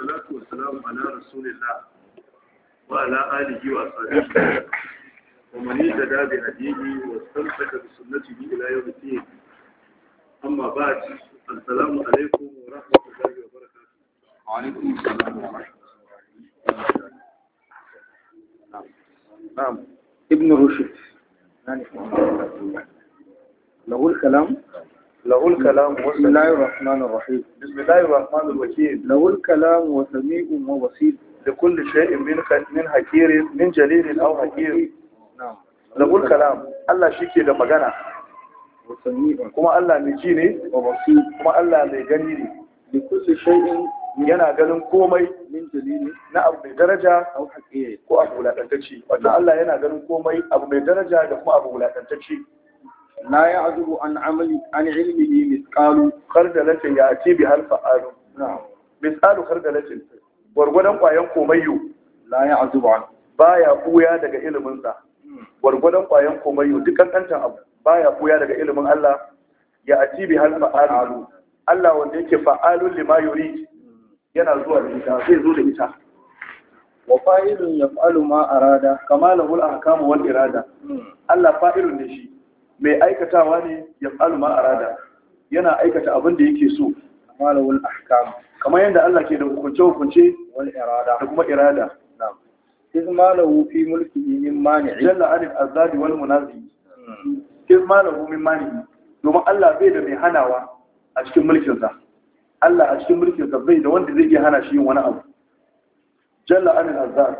salatu wa salamu ala rasulillah wa ala alihi wa sahbihi wa man yada bi hadihi wa istamsaka bi sunnatihi ila yawm al-din amma ba'd assalamu alaikum wa rahmatullahi wa barakatuh wa alaikum assalam wa rahmatullahi wa barakatuh ibn rushd له الكلام له الكلام بسم الله الرحمن الرحيم بسم الله الرحمن الرحيم له الكلام وسميع وبصير لكل شيء من من حكير من جليل او حكير نعم له الكلام الله شيكي da magana وسميع كما الله ji ني وبصير كما الله مي غني ني لكل شيء yana ganin komai min dalili na abu mai daraja ko abu wulakantacci wannan Allah yana ganin komai abu mai daraja da kuma abu wulakantacci لا يعذب عن an عن an مثقال misqalu ياتي ya ci bi harfa alu misqalu khardalatin gwargwadon kwayan komayyo la ya azubu baya buya daga ilimin sa gwargwadon kwayan komayyo duk kankantan abu baya buya daga ilimin Allah ya ci bi harfa Allah wanda yake fa'alun lima yurid yana zuwa da ita zai zo da ita wa fa'ilun yaf'alu ma arada kama ahkamu wal irada Allah fa'ilun ne shi mai aikatawa ne ya falu ma'arada, yana aikata abin da yake so malawul ahkam kamar yadda Allah ke da hukunce hukunce wal irada da kuma irada na'am iz malahu fi mulkihi min mani'i jalla alif azadi wal munazi hmm. iz malahu min mani'i domin Allah bai da mai hanawa a cikin mulkin sa Allah a cikin mulkin sa bai da wanda zai iya hana shi yin wani abu jalla alif azadi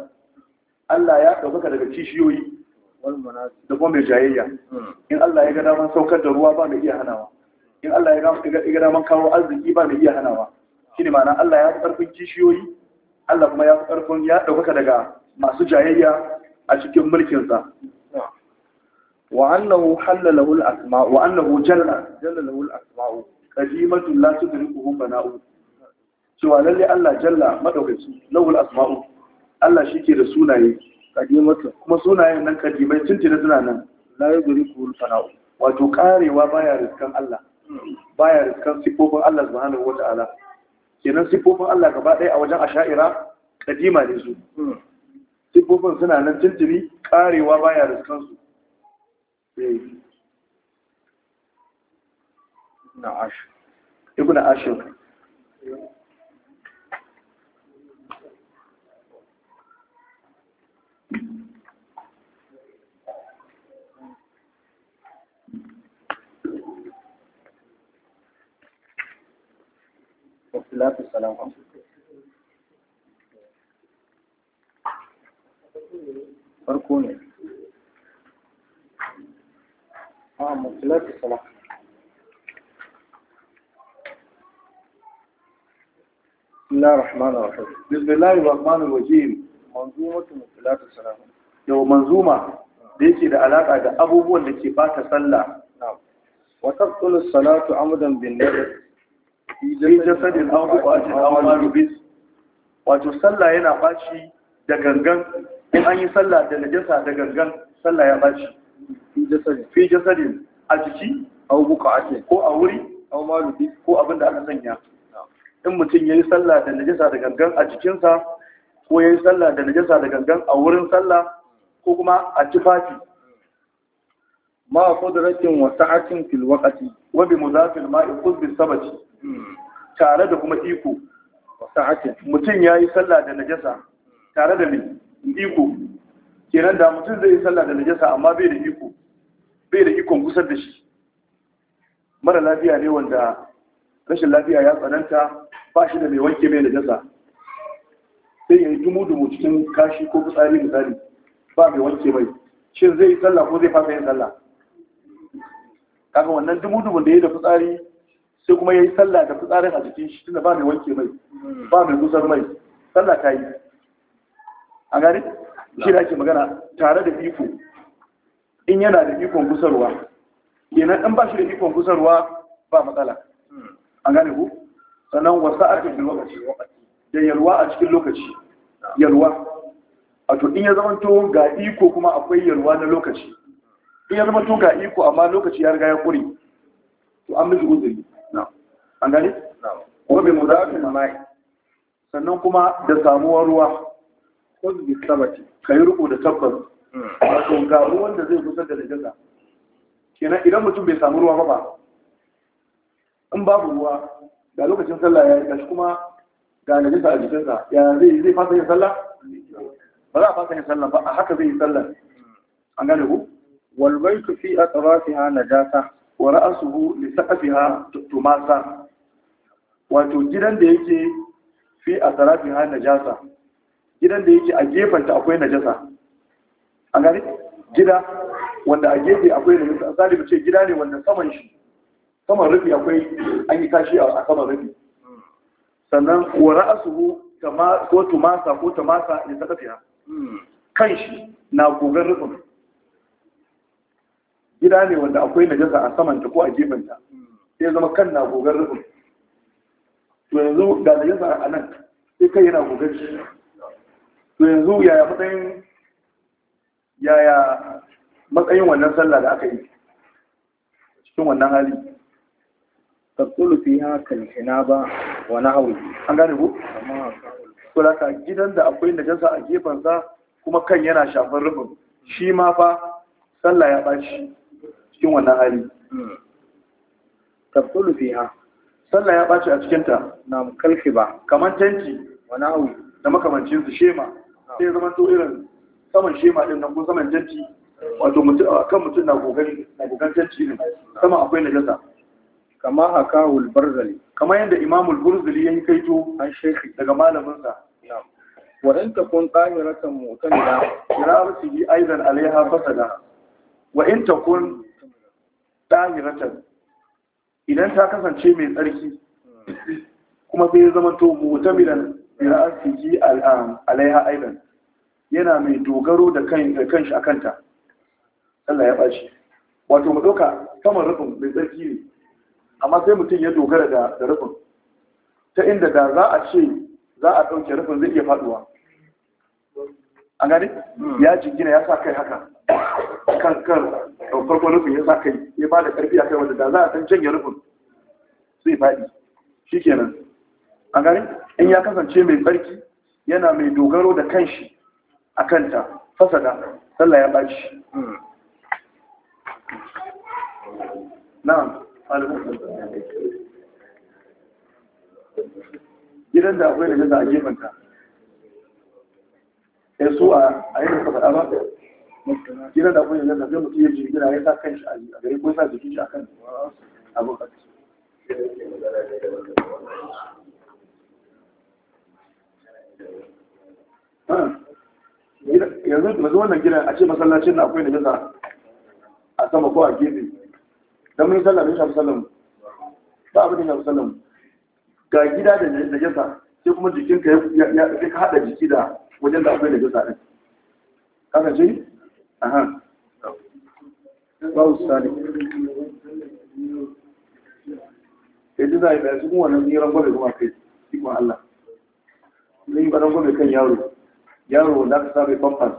Allah ya dauka daga kishiyoyi da kuma mai jayayya hmm. in Allah ya ga daman saukar da ruwa ba mai iya hanawa in Allah ya ga daman kawo arziki ba mai iya hanawa shi ne ma'ana Allah ya fi ƙarfin kishiyoyi Allah kuma ya fi ƙarfin ya ɗaukaka daga masu jayayya a cikin mulkinsa wa annahu halalahu al-asma wa annahu jalla jalalahu al-asma qadimatun la tudrikuhu bana'u cewa lalle Allah jalla madaukaki lahul asma'u Allah shi ke da sunaye kadimatu kuma sunayen nan kadimai tun tuni suna nan la guri kuhul sana'u wato karewa baya riskan Allah baya riskan sifofin Allah subhanahu wata'ala kenan sifofin Allah gaba ɗaya a wajen asha'ira kadima ne su sifofin suna nan tun tuni karewa baya riskan su na eh. ashir ibn ashir salatu salam farko ne a ah, mutilatu salam بسم الله الرحمن الرحيم بسم الله الرحمن الرحيم منظومة السلام yau manzuma yake da alaƙa da abubuwan da ke bata sallah wa taqtulu salatu amdan bin fi jasadin aw bu'atin aw ma yubis wato sallah yana bashi da gangan in an yi sallah da najasa da gangan sallah ya bashi? fi jasadin a jiki aw bu'atin ko a wuri ko abin da aka sanya in mutum ya yi sallah da najasa da gangan a jikinsa ko ya yi sallah da najasa da gangan a wurin sallah ko kuma a tufafi ma kudratin wa sa'atin fil waqti wa bi mudafil ma'i qud bi sabati tare da kuma iko mutum ya yi sallah da najasa tare da mai iko kenan da mutum zai yi sallah da najasa amma bai da iko bai da ikon kusa da shi mara lafiya ne wanda rashin lafiya ya tsananta ba shi da mai wanke mai najasa sai ya yi dumu-dumu cikin kashi ko fitsari misali ba mai wanke mai shin zai yi sallah ko zai fasa yin sallah kaga wannan dumu-dumun da ya yi da fitsari sai kuma ya yi sallah da fitsarin a jikin shi tunda ba mai wanke mai ba mai gusar mai sallah ta yi a gani shi da ake magana tare da iko in yana da ikon gusarwa kenan in ba shi da ikon gusarwa ba matsala a gane ku sannan wasu ake cikin lokaci da yalwa a cikin lokaci yalwa a to in ya zama to ga iko kuma akwai yalwa na lokaci in ya zama to ga iko amma lokaci ya riga ya kure to an miji uzuri an gane wa bi mudafin mai sannan kuma da samuwar ruwa ko bi sabati kai ruku da tabbas wato ga ruwan da zai kusa da najasa kenan idan mutum bai samu ruwa ba ba in babu ruwa ga lokacin sallah ya yi kashi kuma ga najasa a jikinsa ya zai zai fasa yin sallah ba za a fasa yin sallah ba a haka zai yi sallah an gane ku wal baitu fi ha najasa wa ra'asuhu li saqafiha tumasa wato gidan da yake fi a tsarafi har najasa gidan da yake a gefanta akwai najasa a gari gida wanda a gefe akwai najasa a zalibu ce gida ne wanda saman shi saman rufi akwai an yi kashi a saman rufi sannan wa ra'asuhu ko tumasa ko tumasa ne ta tafiya kan shi na gogon rufin gida ne wanda akwai najasa a samanta ko a gefanta. sai zama kan na gogon rufin to yanzu ga da yasa a nan sai kai yana gogar shi to yanzu yaya matsayin yaya matsayin wannan sallah da aka yi cikin wannan hali tasulu fi haka hinaba wani nahwi an gane ku to da gidan da akwai najasa a gefen sa kuma kan yana shafar rufin shi ma fa sallah ya bashi cikin wannan hali hmm. tasulu fiha sallah ya ɓaci a cikinta na kalfi ba kamar tanki wani hau da makamancin su shema sai ya zama to irin saman shema din nan ko saman tanki wato kan mutum na kokarin na kokarin tanki din sama akwai najasa kama haka Barzali. kama yadda imamul burzali ya yi kaito an shekhi daga malaminsa wadan ta kun tsahiratan motan da kira su yi aizan alaiha fasada wa in ta kun tsahiratan idan ta kasance mai tsarki kuma sai ya zama to mutamilan birasiji alaiha aidan yana mai dogaro da kanshi a kanta Allah ya ɓaci wato mu ɗauka saman rufin mai tsarki ne amma sai mutum ya dogara da rufin ta inda da za a ce za a ɗauke rufin zai iya faɗuwa a gani hmm. ya jingina ya sa kai haka kan kan farko rufin ya sa kai ya ba da karfi a kai wanda da za a san janye rufin zai faɗi shi kenan a gani in ya kasance mai barki, yana mai dogaro da kanshi a kanta fasada sallah ya ɓaci. na'am gidan da akwai da gaza a gefenta ya eh, so a yi da fasada ba jiran da kuma yanzu zai mutum ya ji gida ya sa kan shi a gari ko sa jikin shi a kan abin kan ah, yanzu yanzu wannan gidan a ce masallacin na akwai namisa a sama ko a gefe don mun sallah ne shafi sallah ba abin da shafi sallah ga gida da najasa sai kuma jikinka ya haɗa jiki da wajen da akwai najasa ɗin kasance aha babu sani sai ji za yi ɗaya cikin wannan tseren gobe kuma kai Allah zai yi ɓaran gobe kan yaro yaro wanda aka sa pampas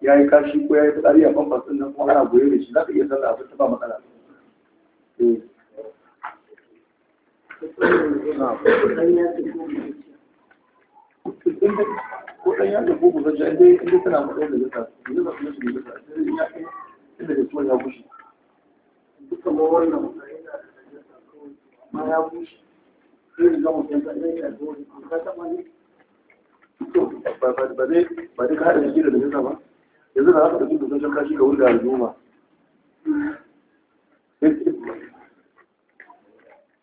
ya yi kashi ko ya yi fitsari pampas ɗin kuma ana goye da shi za ka iya sallah abin ta ba Thank eh. you. ko dan ya da gugu zai inda inda tana mu da zaka inda ba kuma shi zaka sai ya kai inda da tuwon ya gushi duka ma wannan ma ya gushi sai ga mu san sai ya zo ka ta mani to ba ba ba dai ba dai ka hada shi da zaka ba yanzu da haka da duk zan ka shi ga wurin da al'umma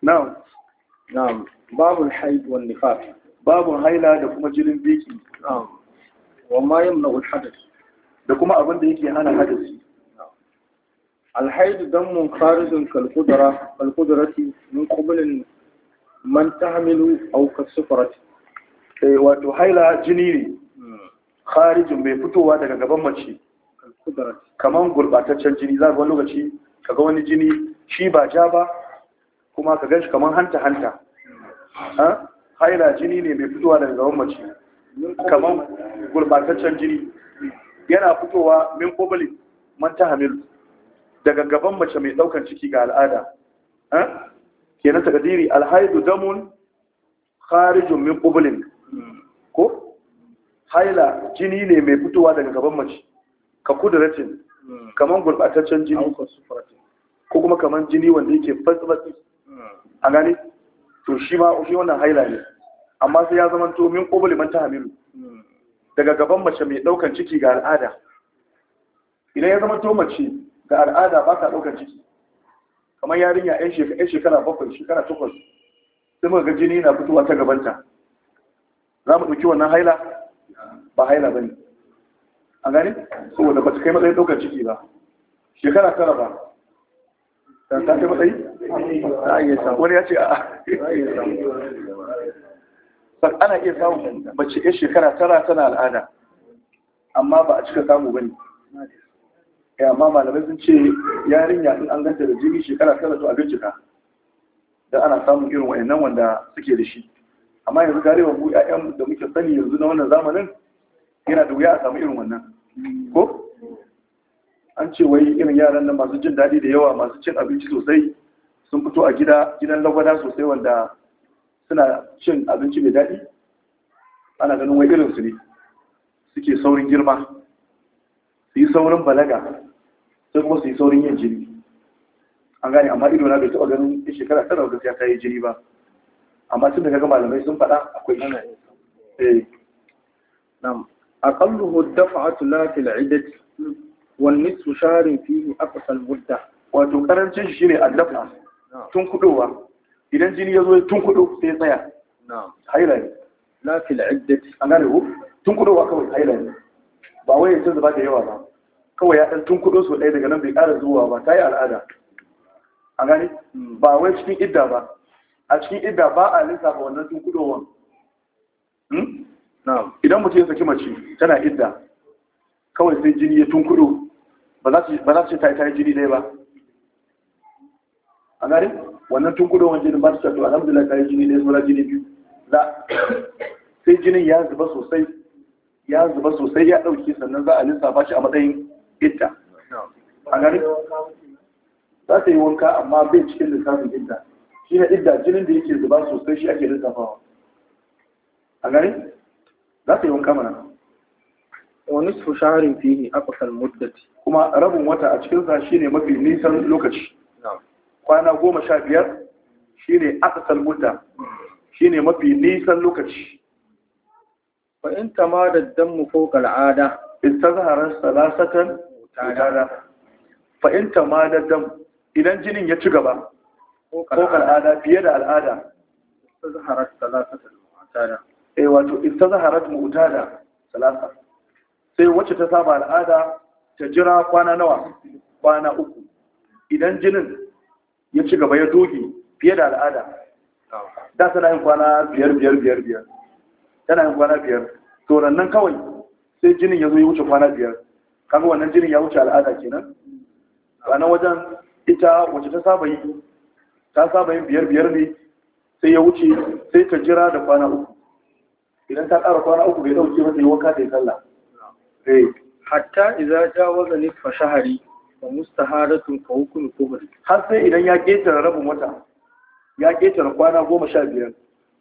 na'am babu haid wal babu haila da kuma jinin biki wa ma wani hadath da kuma abin da yake hana hadasi alhaidu damun kharijin kalqudara kalqudarati mun qablin man tahmilu aw kasfarati eh wato haila jini ne kharijin bai fitowa daga gaban mace kamar gurbataccen jini za ga lokaci kaga wani jini shi ba ja ba kuma ka ganshi kamar hanta hanta hmm. haila jini ne mai fitowa daga gaban mace kamar gurbataccen jini yana fitowa min kobali manta hamilu, hamil daga gaban mace mai daukan ciki ga al'ada eh? na takadiri alhaidu damun kharijun min kobalin ko haila jini ne mai fitowa daga gaban mace ka kudratin kamar gurbataccen jini ko kuma kamar jini wanda yake fasfasi a gani to shi ma shi wannan haila ne amma sai ya zama to min qabli man tahmilu daga gaban mace mai daukan ciki ga al'ada idan ya zama to mace ga al'ada ba ta daukan ciki kamar yarinya yan shekara bakwai shekara takwas sai muka ga jini yana fitowa ta gabanta za mu ɗauki wannan haila ba haila ba ne a gani saboda ba ta kai matsayin ɗaukar ciki ba shekara tara ba ta kai matsayi za a iya samu wani ya ce a ana iya samun mace ya shekara tara tana al'ada amma ba a cika samu ba ne eh, amma malamai sun ce yarinya in an ganta da jini shekara tara to a bincika da ana samun irin wayannan wanda suke da shi amma yanzu garewa mu 'ya'yan da muke sani yanzu na wannan zamanin yana da wuya a samu irin wannan ko an ce wai irin yaran nan masu jin daɗi da yawa masu cin abinci sosai sun fito a gida gidan lagwada sosai wanda suna cin abinci mai daɗi ana ganin wai irinsu ne suke saurin girma su yi saurin balaga sai kuma su yi saurin yin jini an gane amma ido na bai taɓa ganin in shekara tara gaskiya ta yi jini ba amma tun daga malamai sun faɗa akwai shi eh nam aqalluhu daf'atu la lafi 'idati wani su sharin fiye a kasar mudda wato ƙarancin shi ne allafa tun kudowa idan jini ya zo tun kudo sai tsaya haila ne la fil iddati an gane ko tun kudowa kawai haila ne ba wai ya zuba da yawa ba kawai ya dan tun kudo so ɗaya daga nan bai ƙara zuwa ba ta yi al'ada A gani. Hmm. ba wai cikin idda ba a cikin idda ba a lissafa wannan tun kudowan hmm? idan mutum ya saki mace tana idda kawai sai jini ya tunkudo ba za su ce ta yi ta yi jini dai ba a gari wannan tun kudin jinin ba su cato alhamdulillah ta yi jini ɗaya sauran jini biyu za sai jinin ya zuba sosai ya zuba sosai ya ɗauki sannan za a lissafa shi a matsayin ita a gari za ta yi wanka amma bai cikin lissafin ita shi na idda jinin da yake zuba sosai shi ake lissafawa a gari za ta yi wanka mana wani su shaharin fihi kusan muddati kuma rabin wata a cikin sa shine mafi nisan lokaci kwana goma sha biyar shine akasal shi shine mafi nisan lokaci ba in ko kal'ada. fawqa al'ada istazhara salasatan mutada fa in da dam idan jinin ya ci gaba Ko al'ada fiye da al'ada istazhara salasatan mutada eh wato istazhara mutada salasatan sai wacce ta saba al'ada ta jira kwana nawa kwana uku idan jinin ya ci gaba ya doge fiye da al'ada da tana yin kwana biyar biyar biyar biyar tana yin kwana biyar to nan kawai sai jinin ya zo ya wuce kwana biyar kaga wannan jinin ya wuce al'ada kenan ranar wajen ita wacce ta saba yi ta saba yin biyar biyar ne sai ya wuce sai ta jira da kwana uku idan ta ƙara kwana uku bai dauke mata yi wanka da ya sallah Eh. hatta idza jawaza nisfa shahri wa mustaharatun fa hukmu kubr har sai idan ya ketare rabu mata ya ketare kwana goma sha biyar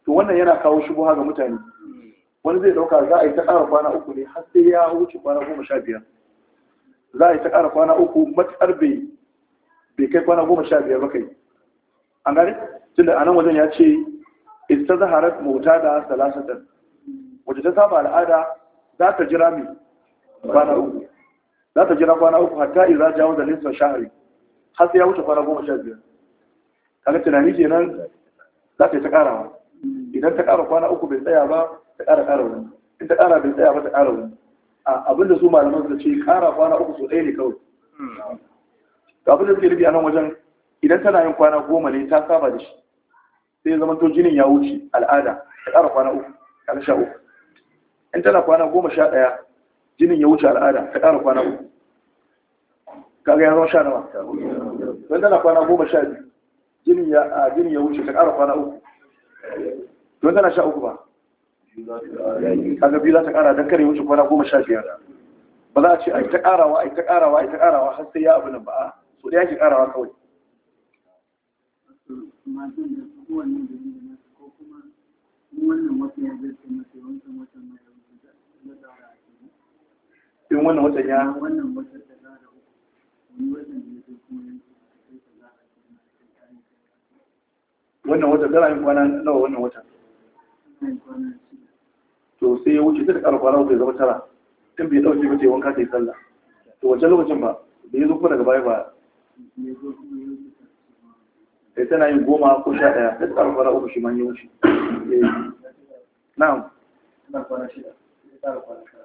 to wannan yana kawo shubuha ga mutane wani zai dauka za a yi ta ƙara kwana uku ne har sai ya wuce kwana goma sha biyar za a yi ta ƙara kwana uku matsar bai bai kai kwana goma sha biyar ba kai an gane tunda a wajen ya ce ita zaharar mota da salasatan wacce ta saba al'ada za ta jira mai kwana uku za ta jira kwana uku hatta idza jawo da lissa shahri har sai ya wuce kwana goma sha biyar kaga tunani kenan za ta yi ta karawa idan ta kara kwana uku bai tsaya ba ta kara kara wani in ta kara bai tsaya ba ta kara wani abinda su malaman su ce kara kwana uku so ɗaya ne kawai ga abinda suke nufi a nan wajen idan tana yin kwana goma ne ta saba da shi sai zama to jinin ya wuce al'ada ta kara kwana uku kaga sha uku in tana kwana goma sha ɗaya jinin ya wuce al'ada ka ƙara kwana uku kaga ya zama sha nawa don tana kwana goma sha biyu jinin ya wuce ka ƙara kwana uku don tana sha uku ba kaga biyu za ta ƙara don kare wuce kwana goma sha biyar ba za a ce a yi ta ƙarawa a yi ta ƙarawa a yi ta ƙarawa har sai ya abu nan ba a so ɗaya ke ƙarawa kawai wannan wata ya zai ce masa wancan wata mai in wannan watan ya wannan watan da za da ne kuma wannan watan tana yin kwana nawa wannan watan to sai ya wuce ta kwana uku zama tara tun bai ɗauke ba ce wanka sai sallah to wancan lokacin ba da ya zo kuma daga baya ba sai tana yin goma ko sha ɗaya ta kwana uku shi man ya wuce eh. na'am tana kwana shida ta ƙara kwana shida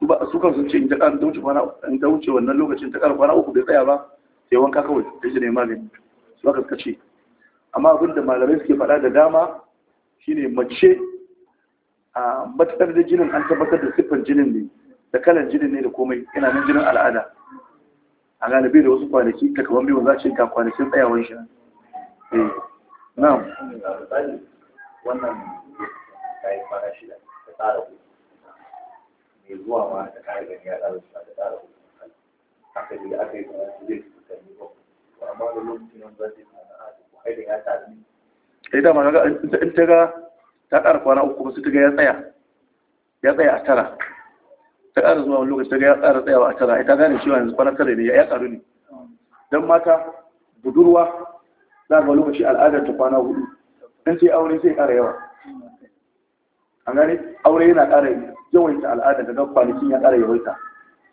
ba su kan sun ce in ta ƙara wuce kwana in ta wuce wannan lokacin ta ƙara kwana uku bai tsaya ba sai wanka kawai ta shi ne magani su aka suka ce amma abin da malamai suke faɗa da dama shine mace a matakar da jinin an tabbatar da siffar jinin ne da kalan jinin ne da komai yana nan jinin al'ada a galibi da wasu kwanaki ta kaman biyu za a ce ga kwanakin tsayawan shi eh, na'am wannan tsara hutu mai zuwa ma da kare gani ya tsara da tsara hutu haka ne ake yi kuma zai fi kanni ba to amma da lokacin nan zai fi sana'a da ku haida ya tsara ne sai da ma in ta ga ta ƙara kwana uku ba su ta ga ya tsaya ya tsaya a tara ta ƙara zuwa wani lokaci ta ga ya tsara tsayawa a tara ita gane cewa yanzu kwana tara ne ya ƙaru ne don mata budurwa za ga lokaci al'adar ta kwana hudu in sai aure sai ƙara yawa an gane aure yana ƙara yawaita al'ada daga kwanakin ya ƙara yawaita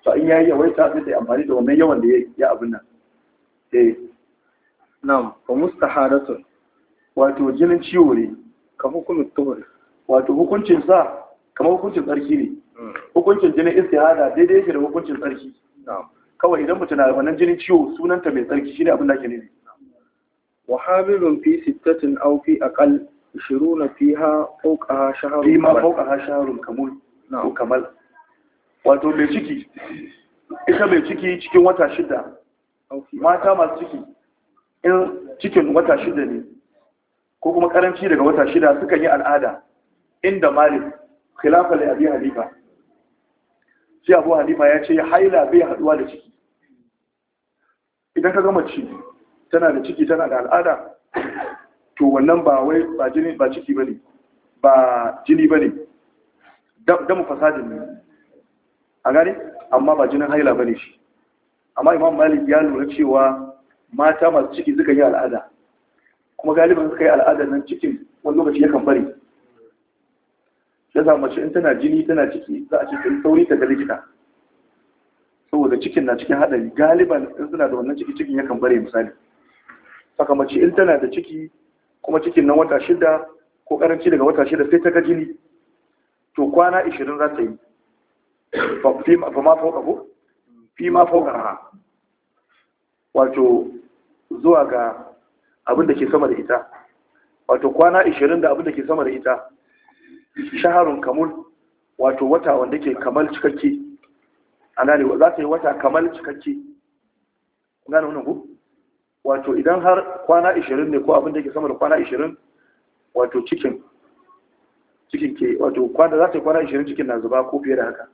to in yayi yawaita sai ta amfani da wannan yawan da ya yi abin nan eh nam fa mustaharatun wato jinin ciwo ne ka hukumin tuhur wato hukuncin sa kamar hukuncin tsarki ne hmm. hukuncin jinin istihada daidai yake da hukuncin tsarki kawai idan mutum na wannan jinin ciwo sunanta mai tsarki shine abin da ke nufi wa hamilun fi sittatin aw fi aqal 20 فيها fawqaha شهر فيما fawqaha شهر kamul نعم kamal wato mai ciki ita mai ciki cikin wata shida mata masu ciki in cikin wata shida ne ko kuma karanci daga wata shida sukan yi al'ada inda malik khilafa da abi halifa shi abu halifa ya ce haila bai haduwa da ciki idan ka gama ci tana da ciki tana da al'ada to wannan ba wai ba jini ba ciki bane ba jini bane mu fasadin ne a gane amma ba jinin haila bane shi amma imam malik ya lura cewa mata masu ciki suka yi al'ada kuma galiban suka yi al'adar nan cikin wani lokaci yakan bari ya zama mace in tana jini tana ciki za a ce ta sauri ta ga likita saboda cikin na cikin haɗari galiban in suna da wannan ciki cikin yakan bare misali saka mace in tana da ciki kuma cikin nan wata shida ko karanci daga wata shida sai ta ga jini to kwana 20 za ta yi fa ma fauka ko fi ma fauka raha. wato zuwa ga abin da ke sama da ita wato kwana 20 da abin da ke sama da ita shaharun kamul wato wata wanda ke kamal cikakke ana ne za ta yi wata kamal cikakke gane wannan ku wato idan har kwana 20 ne ko abin da yake sama da kwana 20 wato cikin cikin ke wato kwana za ta yi kwana 20 cikin na zuba ko fiye da haka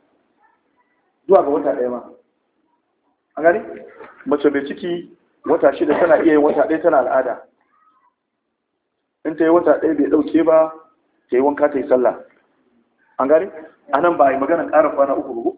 zuwa ga wata ɗaya ma an gani mace mai ciki wata shida tana iya yin wata ɗaya tana al'ada in ta yi wata ɗaya bai ɗauke ba ta yi wanka ta yi sallah an gani a nan ba a yi maganar ƙara kwana uku rubu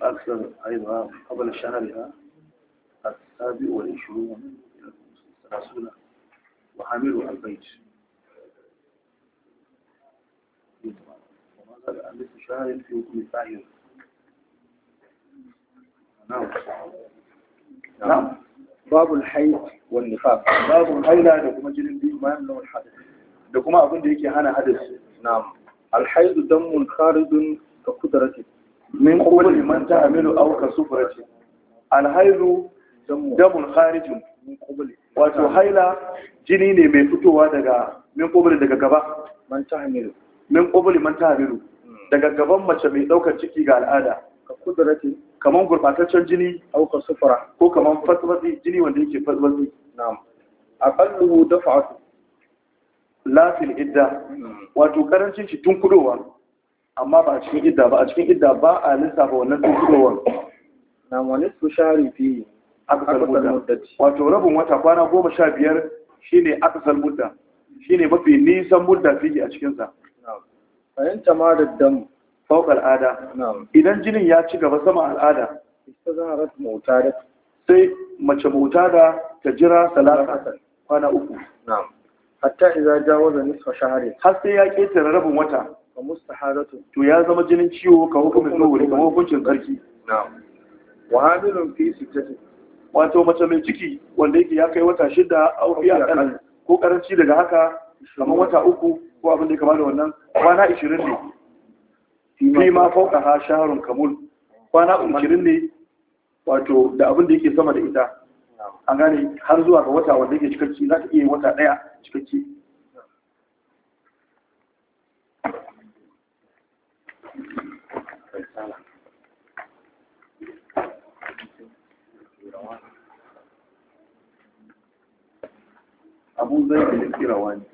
أكثر أيضا قبل شهرها السابع والعشرون من الرسول وحاملها البيت وماذا مثل شهر في حكم الفاعل نعم نعم باب الحيض والنفاق باب الحيض لكم kuma ما biyu ma لكم al hadath أنا حدث نعم alhaidu damun خارج من min من man او aw الحيض دم alhaidu damun من قبل واتو wato haila jini ne mai fitowa daga min qubuli daga gaba man min qubuli man ta'milu daga gaban mace mai daukar ciki ga al'ada ka kaman gurbataccen jini aw ka ko kaman fatwasi jini wanda yake fatwasi na'am dafa'atu lafil idda wato karancin shi tun kudowa amma ba a cikin idda ba a cikin idda ba a lissafa wannan tun kudowa na wani su shari fi akasar mudda wato rabin wata kwana goma sha biyar shine akasar mudda shine mafi nisan mudda fiye a cikinsa fahimta ma da damu فوق al'ada. idan jinin ya ci gaba sama al'ada istazarat mutada sai mace da ta jira salata kwana uku hatta idza jawaza nisfa shahri har sai ya ketare rabin wata fa mustaharatu to ya zama jinin ciwo ka hukumin zuwuri ka hukuncin karki na'am wa hamilun fi sittati wato mace mai ciki wanda yake ya kai wata shida aure a kan ko karanci daga haka kamar wata uku ko abin da ya kama da wannan kwana 20 ne fi ma fauka ha shaharun kamul kwana 20 ne wato da abin da yake sama da ita an gane har zuwa ga wata wanda yake cikakki za ta iya wata daya cikakki abu zai da kirawa ne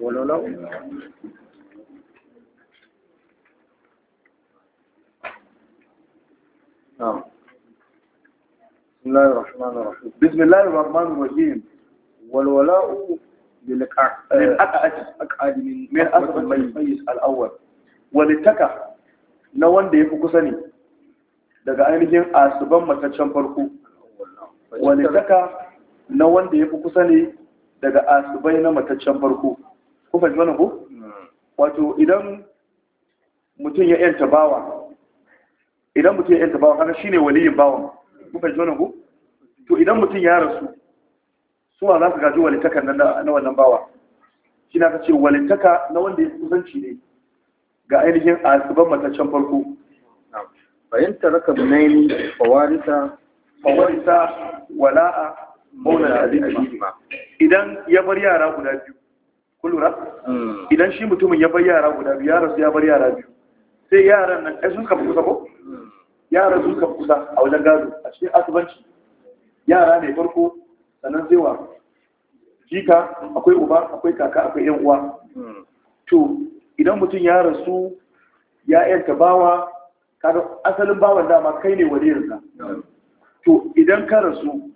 ولو بسم الله الرحمن الرحيم بسم الله الرحمن الرحيم والولاء من أصل الميز الأول ولتكا na wanda ya fi kusa ne daga ainihin asuban mataccen farko walitaka na wanda ya fi kusa ne daga asubai na mataccen farko ku wato idan mutum ya yanta bawa idan mutum ya yanta bawan shi ne waliyin bawan kuma fahimci wannan ku to idan mutum ya rasu su ma za su gaji walitakar na wannan bawa shi na ka ce walitaka na wanda ya kusanci ne ga ainihin a asiban mataccen farko fahimta raka bunaini fawarisa fawarisa wala'a maula azima idan ya bar yara guda biyu kulura hmm. idan shi mutumin ya bar yara guda biyu ya rasu ya bar yara biyu sai yaran nan ai sun kafa kusa ko yara sun kusa a wajen gado a cikin asibanci yara ne farko sannan zaiwa jika akwai uba akwai kaka akwai yan uwa to idan mutum ya rasu ya yanta bawa kaga asalin bawan dama kai ne wani yanka. to idan ka rasu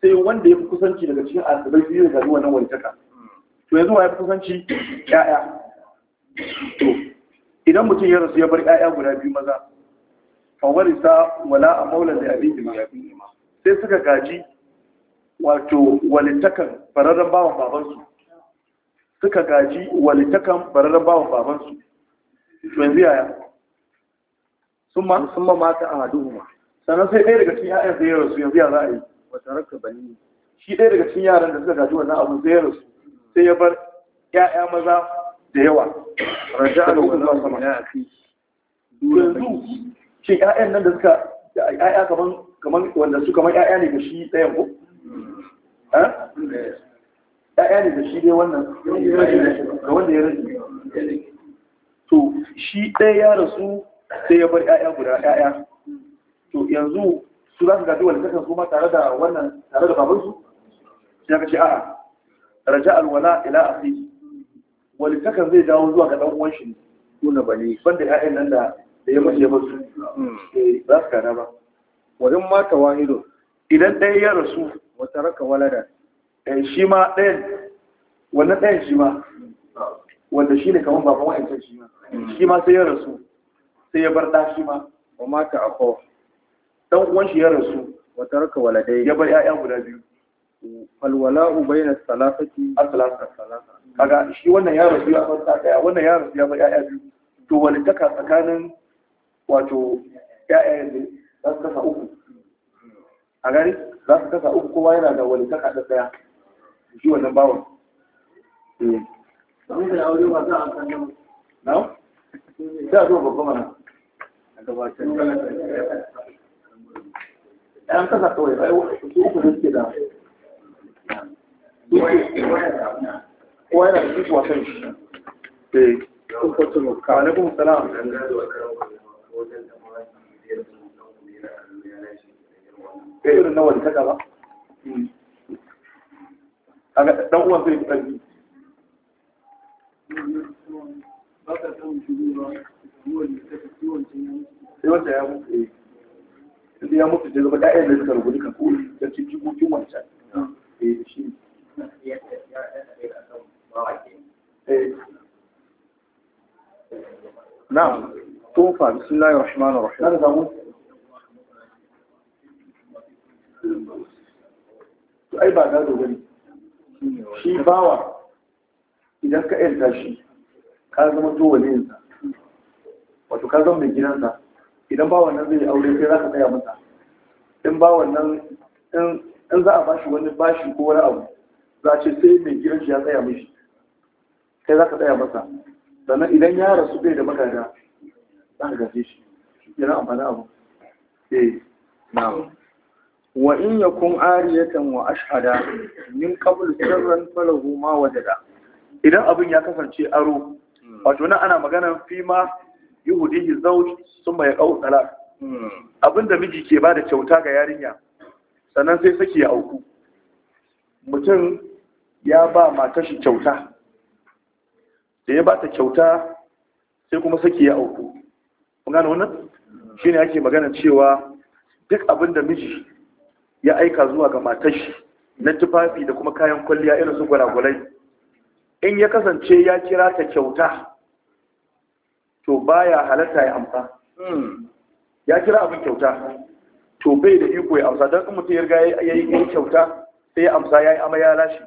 sai wanda ya fi kusanci daga cikin asibai biyu da zuwa nan walitaka to yanzu ya fi kusanci ya'ya to idan mutum ya rasu ya bar ya'ya guda biyu maza fawarisa wala a maulan da abin sai suka gaji wato walitakan bararren bawan babansu suka gaji walitakan bararren bawan babansu yanzu yaya sun ma sun mata a haduhuma sannan sai ɗaya daga cikin ya'yan sai ya rasu yanzu ya za a yi wata raka bani shi ɗaya daga cikin yaran da suka gaji wannan abu sai ya rasu sai ya bar ya'ya maza da yawa raja'al wala sama yanzu shin ƴaƴan nan da suka ƴaƴa kaman kaman wanda su kaman ƴaƴa ne da shi ɗayan ko ha ƴaƴa ne da shi dai wannan ga wanda ya rage to shi ɗaya ya rasu sai ya bar ƴaƴa guda ƴaƴa to yanzu su za su gaji wanda kasan kuma tare da wannan tare da babansu sai ka ce a'a raja alwala ila akhihi Wani takan zai dawo zuwa ga dan uwan shi ne ba bane banda ƴaƴan nan da da ya mace masu eh, ba su kana ba wa in mata wahido idan ɗaya ya rasu wata raka walada eh, shi ma ɗayan wannan ɗayan shi ma wanda shi ne kamar baban wa'ancan shi ma shi ma sai ya rasu sai ya bar ɗa shi ma wa mata a kawo ɗan uwan shi ya rasu wata raka waladai ya bar 'ya'ya guda biyu falwala'u bayna salafati aslasa kaga shi wannan ya rasu ya bar ɗa ɗaya wannan ya rasu ya bar 'ya'ya biyu to wani taka tsakanin wato ƴaƴayen ne za su kasa uku a gari za su kasa uku kowa yana da wani kaka ɗaya shi wannan bawon da eh. aure ba za a san na da zuwa babba mana a gabatar kasa kawai su uku da suke da kowa yana da shi eh. wasan shi. irin nawa da ba a ga ya mutu eh, inda ya mutu jirgin da eh, da shi eh. na'am tofa bismillahir rahmanir rahim to ai ba gado dogari. shi bawa idan ka yarda shi ka zama to wato ka zama mai gidansa idan bawan nan zai aure sai za ka tsaya masa in bawan nan in za a bashi wani bashi ko wani abu za a ce sai mai gidan shi ya tsaya mashi. Sai za ka tsaya masa sannan idan ya rasu bai da magada za ka gaje shi shi eh, wa ariyatan wa ashhada min qabl sirran falahu ma wajada idan abin ya kasance aro wato nan ana maganar fima ma yuhudi zauj sun mai kau talak abin da miji ke bada kyauta ga yarinya sannan sai saki ya auku mutum ya ba matar shi kyauta da ya ba ta kyauta sai kuma saki ya auku kun wannan wannan ne ake magana cewa duk abin da miji ya aika zuwa ga matashi na tufafi da kuma kayan kwalliya irin su gwalagwalai in ya kasance ya kira ta kyauta to baya halatta ya amsa ya kira abin kyauta to bai da iko ya amsa don in mutum ya ya yi kyauta sai ya amsa ya yi amma ya lashe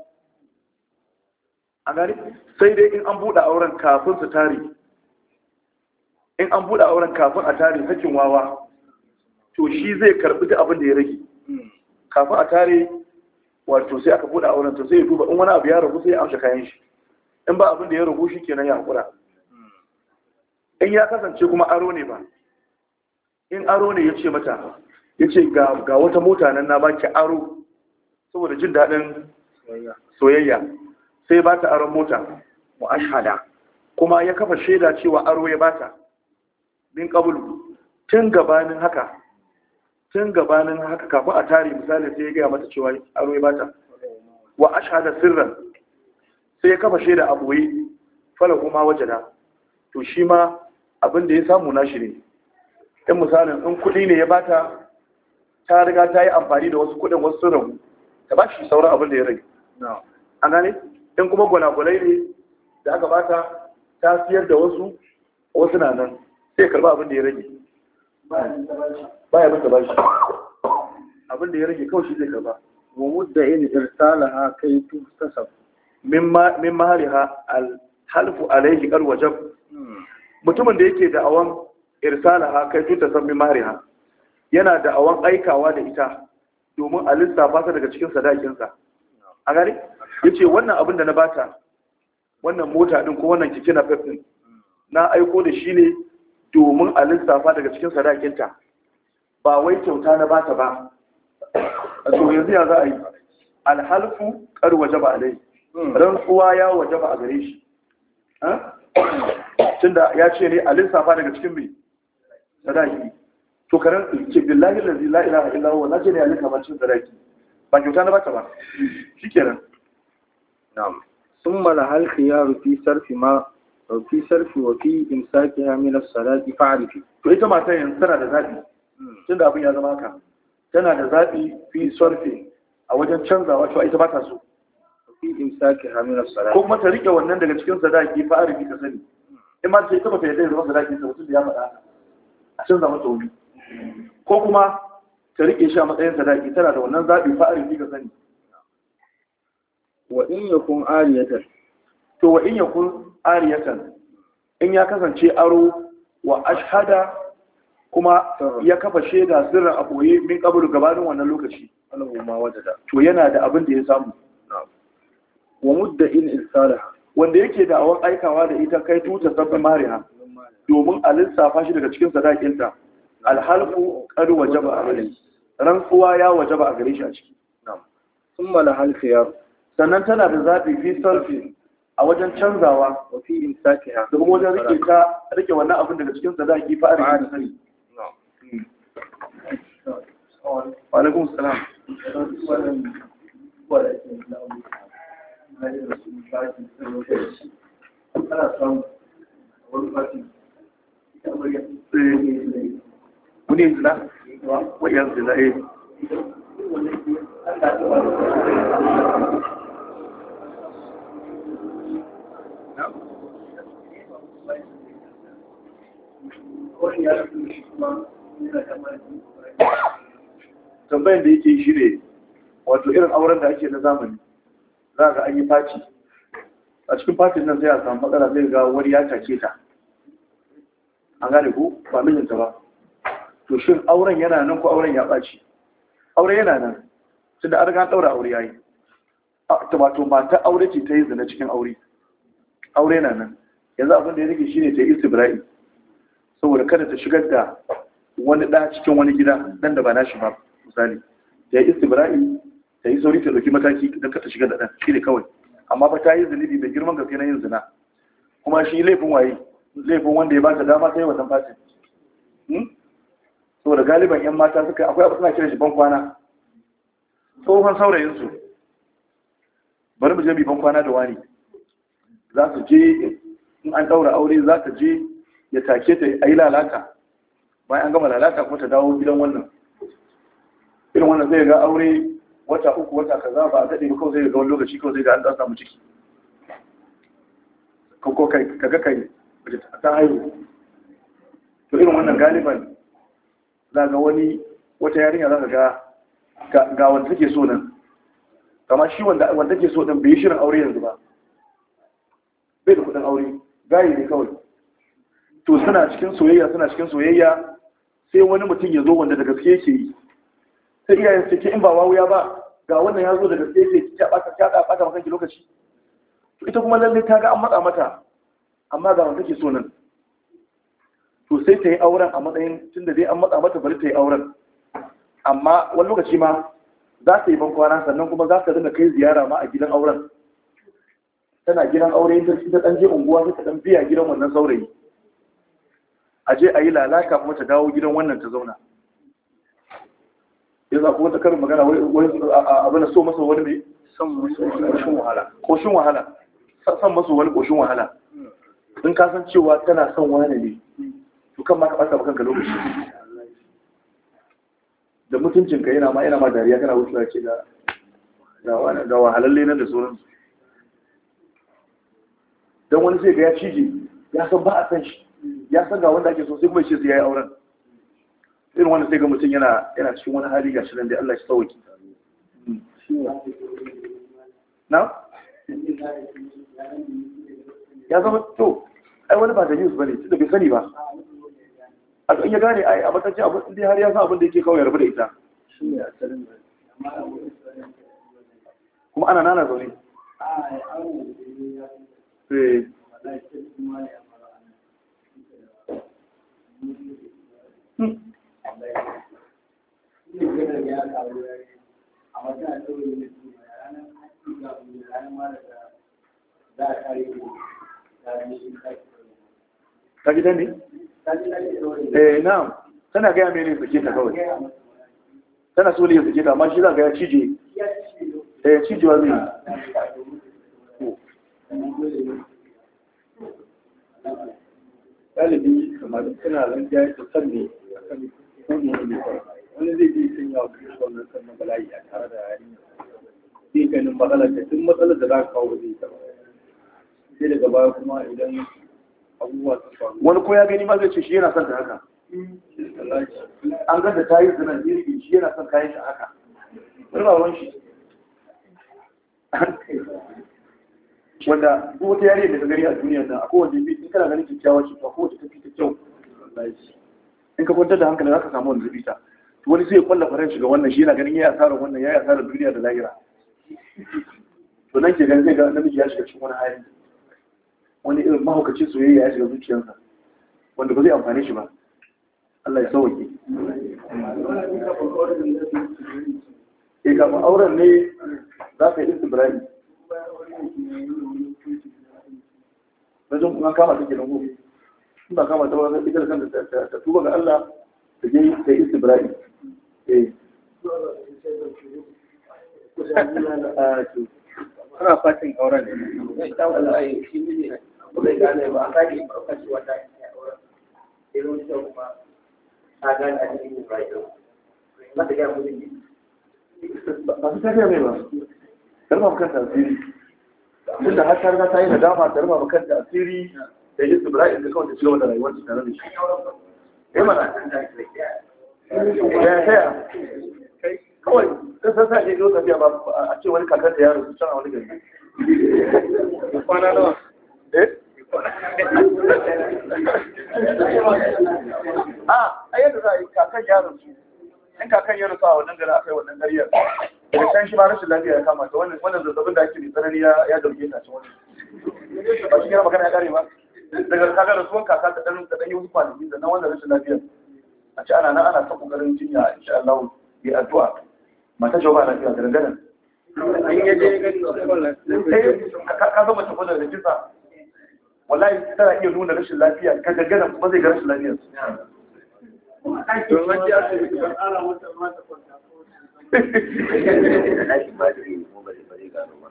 a gani sai dai in an buɗe auren kafin su tare in an buɗe auren kafin a tare sakin wawa to shi zai karɓi duk abin da ya rage kafin a tare wato sai aka buɗe auren to sai ya duba in wani abu ya ragu sai ya amsa kayan shi in ba abin da ya ragu shi kenan ya haƙura in ya kasance kuma aro ne ba in aro ne ya ce mata ya ce ga wata mota nan na ba ki aro saboda jin daɗin soyayya sai ba ta aron mota mu ashada kuma ya kafa shaida cewa aro ya bata min kabul tun gabanin haka tun gabanin haka kafin a tare misali sai ya gaya mata cewa aro ya bata wa ashhada sirran sai ya kafa shaida aboye fala kuma wajada to shi ma abin da ya samu nashi ne in misalin in kuɗi ne ya bata ta riga ta yi amfani da wasu kuɗin wasu sirran ta ba shi sauran abin da ya rage an gane in kuma gwalagwalai ne da aka bata ta siyar da wasu wasu na nan sai karba abin da ya rage baya bin bashi abin da ya rage kawai shi zai karba wa mudda in irsalaha kai tu tasab min mahaliha al halfu alaihi al wajab mutumin da yake da awan ha kai tu tasab min mahaliha yana da awan aikawa da ita domin a lissafa ta daga cikin sadakinsa a gare yace wannan abin da na bata wannan mota din ko wannan keke na din na aiko da shi ne domin a lissafa daga cikin sadakinta ba wai kyauta na bata ba a so yanzu ya za a yi alhalfu kar waje ba alai hmm. rantsuwa ya waje ba a gare shi tunda ya ce ne a lissafa daga cikin mai sadaki to karen ke billahi lazi la ilaha illa huwa na ce ne a lissafa cikin sadaki ba kyauta na bata ba shikenan na'am summa la hal khiyaru fi sarfi ma fi sarfi wa fi imsaki hamila salati fa'rifi to ita mata yin tana da tun da abin ya zama haka tana da zaɓi fi sarfi a wajen canzawa to ita ba ta so fi sake hamila salati ko kuma ta rike wannan daga cikin sadaki fa'rifi ka sani in ma sai ita ba yadda yarda zama sadaki ta mutum da ya faɗa a canza mata wuri ko kuma ta rike shi a matsayin sadaki tana da wannan zabi fa'rifi ka sani wa in yakun ariyatar to wa in yakun ariyatan in ya kasance aro wa ashhada kuma ya kafa shaida sirrin a min kabul gabanin wannan lokaci Allahumma wajada to yana da abin da ya samu wa mudda'in isalah wanda yake da awon aikawa da ita kai tuta sabbin mariha domin a lissafa shi daga cikin sadakinta alhalfu qad wajaba alayhi rantsuwa ya wajaba a gare shi a ciki sun mala halkhiyar sannan tana da zaɓi fi sarfi a wajen canzawa wa fi imsakiha da kuma wajen rike ta rike wannan abin daga cikin sadaki fa arin sani hmm. wa alaikum salam wani wa yanzu zina tambayin da yake shi ne wato irin auren da ake na zamani za ga an yi faci a cikin fatin nan sai a samu matsala zai ga wani ya take ta an gane ko ba mijinta ba to shin auren yana nan ko auren ya ɓaci auren yana nan tun da an riga ɗaura aure ya yi wato mata aure ce ta yi zina cikin aure aure yana nan yanzu abin da ya rage shi ne ta yi istibra'i saboda kada ta shigar da wani ɗa cikin wani gida ɗan da ba nashi ba misali ta yi istibra'i ta yi sauri ta ɗauki mataki don ka ta shigar da ɗan shi ne kawai amma ba ta yi zunubi mai girman gaske na yin zina kuma shi laifin waye laifin wanda ya baka dama ta yi wannan fatin hmm? saboda galiban yan mata suka akwai abu suna kiran shi ban kwana tsohon saurayinsu bari mu je bi ban kwana da wani za su je in an ɗaura aure za ta je ya take ta a yi lalata bayan an gama lalata kuma ta dawo gidan wannan irin wannan zai ga aure wata uku wata kaza ba a daɗe ba kawai zai ga wani lokaci kawai zai ga an samu ciki ko kai kaga kai ta haihu to irin wannan galiban za ga wani wata yarinya za ka ga ga wanda take so nan kama shi wanda wanda take so din bai yi shirin aure yanzu ba bai da kuɗin aure gayi ne kawai to suna cikin soyayya suna cikin soyayya sai wani mutum ya zo wanda da gaske yake yi sai iyayen su ce in ba wawuya ba ga wannan ya zo da gaske yake ta bata ta da maka lokaci to ita kuma lalle ta ga an matsa mata amma ga wanda take so nan to sai ta yi auren a matsayin tunda dai an matsa mata bari ta yi auren amma wani lokaci ma za ta yi bankwana sannan kuma za ta dinga kai ziyara ma a gidan auren tana gidan aure ta ta dan je unguwa ta ɗan biya gidan wannan saurayi a je a yi lalaka kuma ta dawo gidan wannan ta zauna ya za kuma ta karin magana abin da so masa wani mai ƙoshin wahala ƙoshin wahala san wani ƙoshin wahala in ka san cewa tana son wani ne to kan ma ka ɓata kanka lokaci da mutuncinka yana ma yana ma dariya kana wucewa ce da da wahalalle nan da sauran don wani zai ga ya cije ya san ba a san shi ya san ga wanda ake so sai kuma ce sai yayi auren irin wanda sai ga mutum yana yana cikin wani hali ga nan da Allah ya tsawaki. na ya zama to ai wani ba da news bane tunda bai sani ba a kan ya gane ai a matacin abu indai har ya san abin da yake kawai rabu da ita kuma ana nana zaune eh. ta gida ne? eh na tana gaya mai suke ta kawai tana so ne suke ta amma shi za ga ya cije eh cijewa ne? Ɗalibin yi kamar suna nan ya yi tsotsar ne a kan wannan ne wani zai je sun yawa kuma wannan sannan bala'i a tare da yarinya zai ganin matsalar da duk matsalar da za ka kawo zai ta sai daga baya kuma idan abubuwa su faru wani ko ya gani ma zai ce shi yana son ta haka an da ta yi zinan jirgi shi yana son kayan shi haka wani ba ruwan shi wanda duk wata yariya da ka gani a duniya nan a kowace bi in kana ganin kyakkyawa ce ko kowace tafi ta kyau in ka kwantar da hankali za ka samu wanda zabi ta to wani zai kwalla faran shiga wannan shi yana ganin ya yi asarar wannan ya yi asarar duniya da lahira to nan ke ganin zai ga namiji ya shiga cikin wani hali wani irin mahaukacin soyayya ya shiga zuciyarsa wanda ba zai amfane shi ba Allah ya sauke. Eh kafin auren ne za ka yi Ibrahim. na jin kuma kama take nan gobe in ba kama ta ba ita da kanta ta tuba ga Allah ta je ta yi istibra'i eh kana ah, fatin auren ne ta wallahi shi ne ba zai gane ba a sake farkaci wata ya auren sai wani kuma ta gane a cikin istibra'i ba ta gaya mutum ne ba su ta gaya mai ba karfan kan tasiri tunda har ta riga ta yi nadama ta rufa maka da asiri da yi su bra'in da kawai ta cigaba da rayuwar ta tare da shi Ya eh mana ya taya kawai ta san sa ke zo tafiya ba a ce wani kakar da yaro can a wani gari kwana nawa eh a ah, ayyar da za a yi kakan yaron su in kakan yaron su a wannan gari a kai wannan gariyar da kan shi ba rashin lafiya ya kama ta wannan wannan zazzabin da ake mai tsanani ya dauke ta ci wannan ba shi yana magana ya kare ba daga kaga rasuwan kaka ta dan ta dan yi da kwanaki sannan wannan rashin lafiya a ci ana nan ana ta kokarin jinya insha Allah yi addu'a mata jawa lafiya da dangana an yi je gani eh, ka ka zama ta fada da kisa wallahi tana iya nuna rashin lafiya ka dangana kuma zai ga rashin lafiya to wani ya ce ba ara wata mata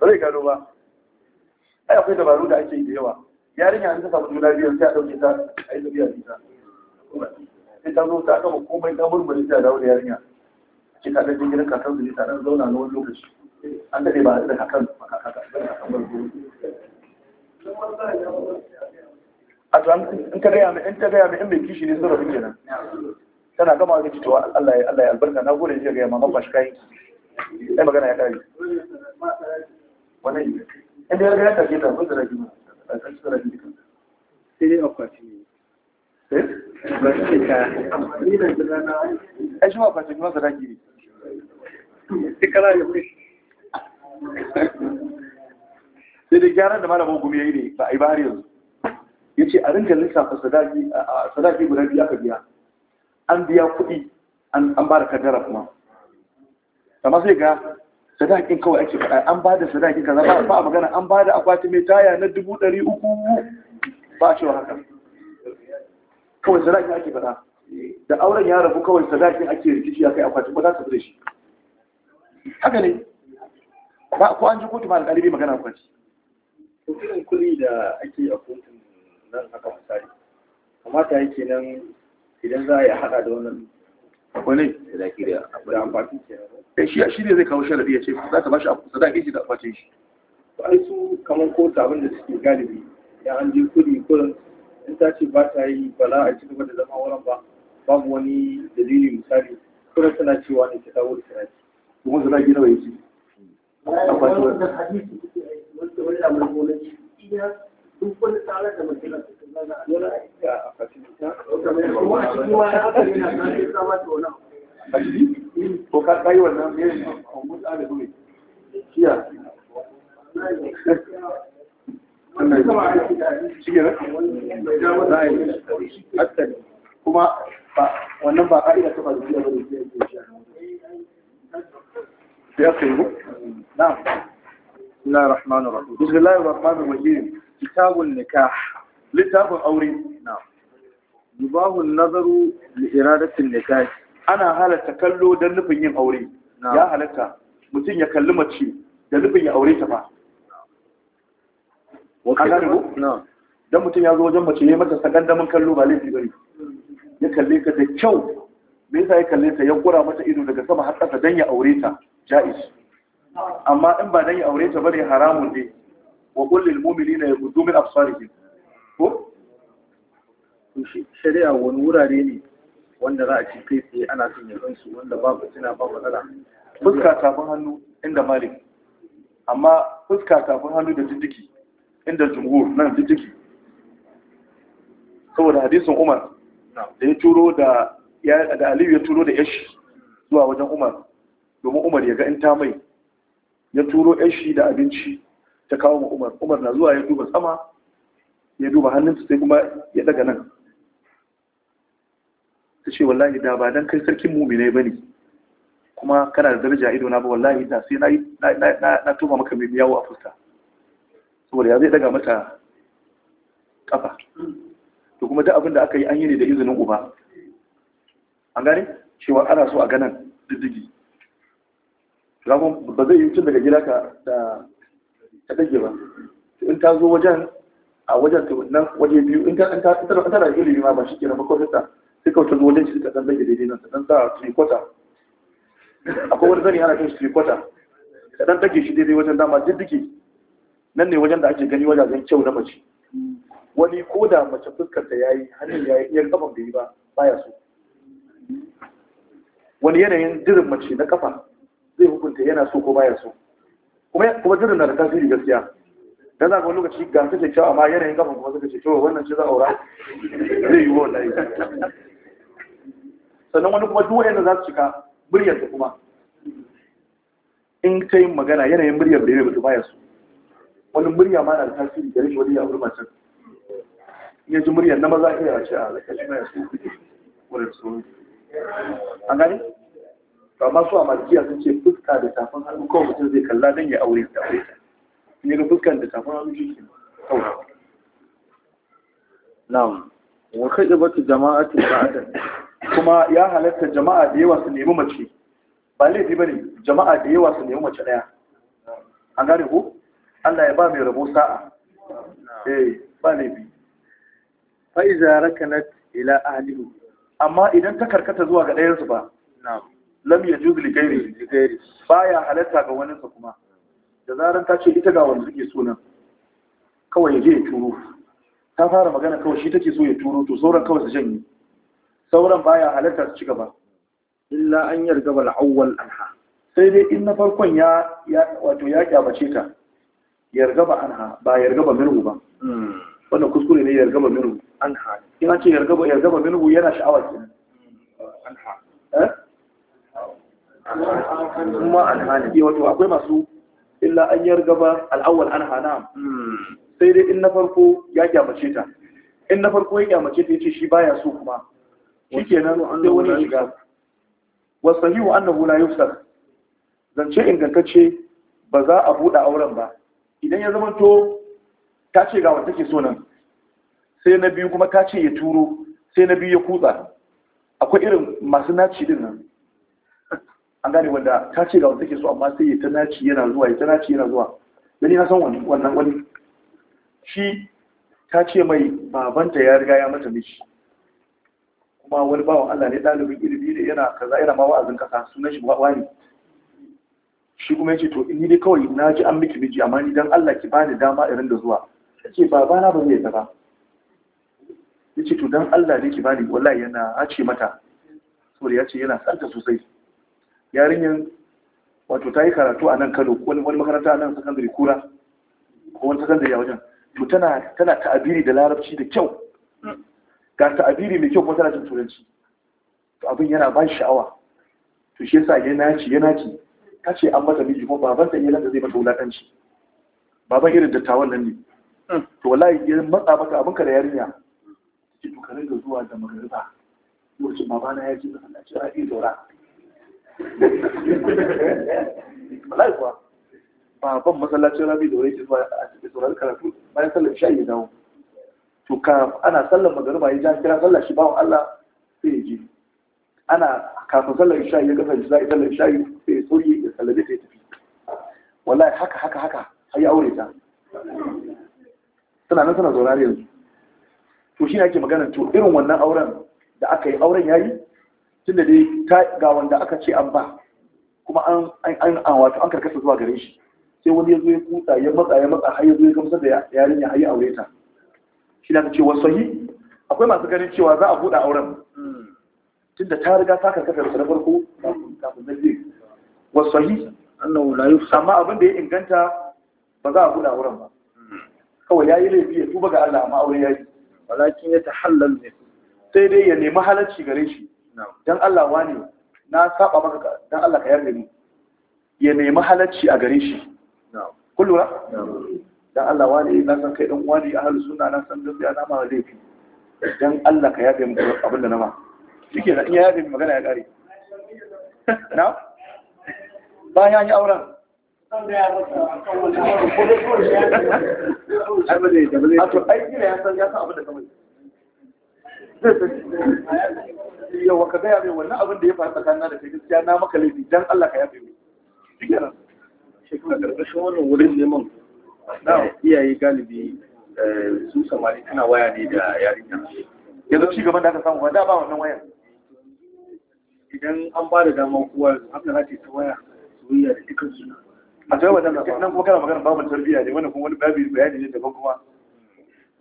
zai gano ba ai akwai dabaru da ake yi da yawa yarinya an ta samu juna biyu sai a ɗauke ta a yi tafiya nisa sai ta zo ta kama komai ta murmuri ta dawo da yarinya ce ta ɗan gidan kakan su ne ta ɗan zauna na wani lokaci an daɗe ba a da kakan a to in ta gaya mai in bai kishi ne zurafin kenan tana gama ga cewa Allah ya Allah ya albarka na gode ji ga yamma mamma shi kai ai magana ya kare wannan inda ya ga ta ke ta mun da rabi a kan sura sai dai akwati ne eh ba shi ka ni da rana ai shi ma akwati ne masa raki ne dikala ya fushi sai dai gyaran da malamin gumi yayi ne ba ai ba har yanzu yace a rinka lissafa sadaki sadaki guda biyu aka biya an biya kuɗi an ba da kaddara kuma amma sai ga sadakin kawai ake faɗa an ba da sadakin kaza ba a magana an ba da akwati mai taya na dubu ɗari uku ba a cewa haka kawai sadakin ake faɗa da auren ya rabu kawai sadakin ake rikici a kai akwati ba za su bude shi haka ne ba ko an ji kotu ma alƙalibi magana akwati kuɗin kuɗi da ake a nan haka misali kamata yake nan idan za a yi haɗa da wannan wani da amfani da shi eh, shi ne zai kawo sharaɗi ya ce za ka ba shi abu da shi da akwatin shi ai su kamar ko da suke galibi ya an je kudi kurin in ta ce ba ta yi bala a cikin da zama wurin ba babu wani dalili misali kurin tana cewa ne ta dawo da sadaki kuma sadaki nawa yake akwatin wani wani labarin gwamnati iya duk wani tsara da mace يا سيدي نعم بسم الله الرحمن الرحيم بسم الله الرحمن الرحيم كتاب النكاح littafin aure yubahu nazaru li iradatin nikah ana halatta kallo don nufin yin aure ya halatta mutum ya kalli mace da nufin ya aure ta ba don mutum ya zo wajen mace ne mata sakandamin kallo ba laifi bane ya kalle ka da kyau me yasa ya kalle ta ya gura mata ido daga sama har ƙasa don ya aure ta Ja'is. amma in ba don ya aure ta bane haramun ne wa kullil mu'minina yaghuddu min absarihim ko shari'a wani wurare ne wanda za a ci kai tsaye ana son ya gansu wanda babu fitina ba matsala fuska tafin hannu inda malik amma fuska tafin hannu da jijjiki inda jumhur nan jijjiki saboda hadisin umar da ya turo da aliyu ya turo da yashi zuwa wajen umar domin umar ya ga in ta mai ya turo yashi da abinci ta kawo ma umar umar na zuwa ya duba sama ya duba hannunsu sai kuma ya daga nan ta ce wallahi da ba don kai sarkin muminai ba ne kuma kana da daraja ido na ba wallahi da sai na tuba maka mai yawo a fuska saboda ya zai daga mata kafa to kuma duk abin da aka yi an yi ne da izinin uba an gane cewa ana so a ganan diddigi ba zai yi tun daga gida ka da ta dage ba in ta zo wajen a wajen to nan waje biyu in kan ta tana ilimi ma ba shi kenan ba ko ta sai ka wuce wajen shi ka dan rage daidai nan ka dan sa three quarter akwai wani zani ana cin three quarter ka dan rage shi daidai wajen dama diddike nan ne wajen da ake gani wajajen kyau na mace wani ko da mace fuskar ta yayi hannun yayi iya kafan bai ba baya so wani yanayin jirin mace na kafa zai hukunta yana so ko baya so kuma kuma na da tasiri gaskiya dan za ka wani lokaci ga ce kyakkyawa amma yanayin kafan kuma suka ce to wannan ce za a aura zai yi wallahi sannan wani kuma duk wanda za su cika muryar ta kuma in ta kai magana yanayin muryar da ya yake baya su wani murya ma na da tasiri da rashin wani ya aure mace ya ji muryar na maza iya ce a zakashi mai su wurin su an gani to amma su a malikiya sun ce fuska da tafin hannu kawai mutum zai kalla don ya aure ta aure ta ya ga fuskan da tafin hannu shi na'am wa jama'a jama'atu ba'da kuma ya halatta jama'a da yawa su nemi mace ba laifi ba bane jama'a da yawa su nemi mace daya an gane ku. Allah ya ba mai rabo sa'a eh ba laifi fa iza rakanat ila ahlihi amma idan ta karkata zuwa ga ɗayansu ba na'am lam yajuz Ligairi ghairi baya halatta ga wani kuma da zarar ta ce ita ga wanda suke so nan kawai ya je ya turo ta fara magana kawai shi take so ya turo to sauran kawai su janye sauran baya halatta su ci gaba illa an yarda bal awwal anha sai dai in na farkon ya wato ya kyamace ta yarda ba anha ba yarda ba minhu ba hmm. wannan kuskure ne yarda ba minhu anha in an ce yarda ba yarda ba minhu yana sha'awa kenan anha eh kuma anha ne wato akwai masu illa an gaba al'awwal an hana sai dai in na farko ya kyamace ta in na farko ya kyamace ta yace shi baya so kuma an sai wani ya shiga wa annabu na yi fusar zance ingantacce ba za a buɗe auren ba idan ya zama to ta ce ga wata ke so nan sai na biyu kuma ta ce ya turo sai na biyu ya kutsa akwai irin masu naci din nan an gane wanda ta ce ga wanda take so amma sai ya ta naci yana zuwa ta naci yana zuwa da na san wannan wani shi ta ce mai babanta ya riga ya mata miji kuma wani bawa Allah ne ɗalibin ilimi ne yana kaza yana ma wa'azin kasa sunan shi wani shi kuma ya ce to ni dai kawai na ji an miki miji amma ni dan Allah ki bani dama irin da zuwa ta ce babana ba zai ba ya ce to dan Allah ne ki bani wallahi yana a ce mata saboda ya ce yana santa sosai yarinyar wato ta yi karatu a nan kano wani makaranta a nan sakandare kura ko wani sakandare a wajen to tana tana ta'abiri da larabci da kyau ga ta'abiri mai kyau kuma tana jin turanci to abin yana ba sha'awa to shi yasa ya naci ya naci ta ce an mata miji kuma baban ta iya da zai mata wulaƙanci baban irin dattawan nan ne to wallahi ya matsa maka ka da yarinya ki to ka rinka zuwa da magariba lokacin babana ya ji masallaci a iya zaura wallahi kuwa ban masallacin rabi da wani zuwa a cikin sauran karatu bayan sallar sha ya dawo to ka ana sallar magariba ya ja kira sallar shi bawan Allah sai ya je ana kafin sallar sha ya kasance za a yi sallar sha sai ya soye ya sallabe ta ya tafi wallahi haka haka haka har ya aure ta suna nan suna zaune yanzu to shi ne ake magana to irin wannan auren da aka yi auren ya yi? tunda dai ga wanda aka ce an ba kuma an an wato an karkasa zuwa gare shi sai wani ya zo ya kutsa ya matsa ya matsa har ya zo ya gamsar da yarinya ya hayi aure ta shi na ce wasu yi akwai masu ganin cewa za a buɗe auren tunda ta riga ta karkasa da farko kafin na zai wasu yi amma abin da ya inganta ba za a buɗe auren ba kawai ya yi laifi ya tuba ga Allah amma aure ya yi walakin ya tahallal ne sai dai ya nemi halarci gare shi dan Allah wani na saba maka dan Allah ka yarda ni ya nemi halacci a gare shi kullu ra dan Allah wani na san kai dan wani halu sunna na san gaskiya na ma fi, dan Allah ka yarda mu abin da na ma shike da iya yarda magana ya kare na bayan yi auren ai ya san ya san abin da kamar Yau, ka gaya mai wannan abin da ya faru tsakanin da kai gaskiya na maka laifi dan Allah ka yafe mu shikenan shekaru karkashin wannan wurin neman na iyaye galibi eh, su samari tana waya ne da yarinya yanzu ci gaban da aka samu ba da ba wannan wayan idan an ba da dama kowa haka za ta ta waya soyayya da dukkan suna a cewa wannan nan kuma kana magana babu tarbiyya ne wannan kuma wani babu bayani ne daban kuma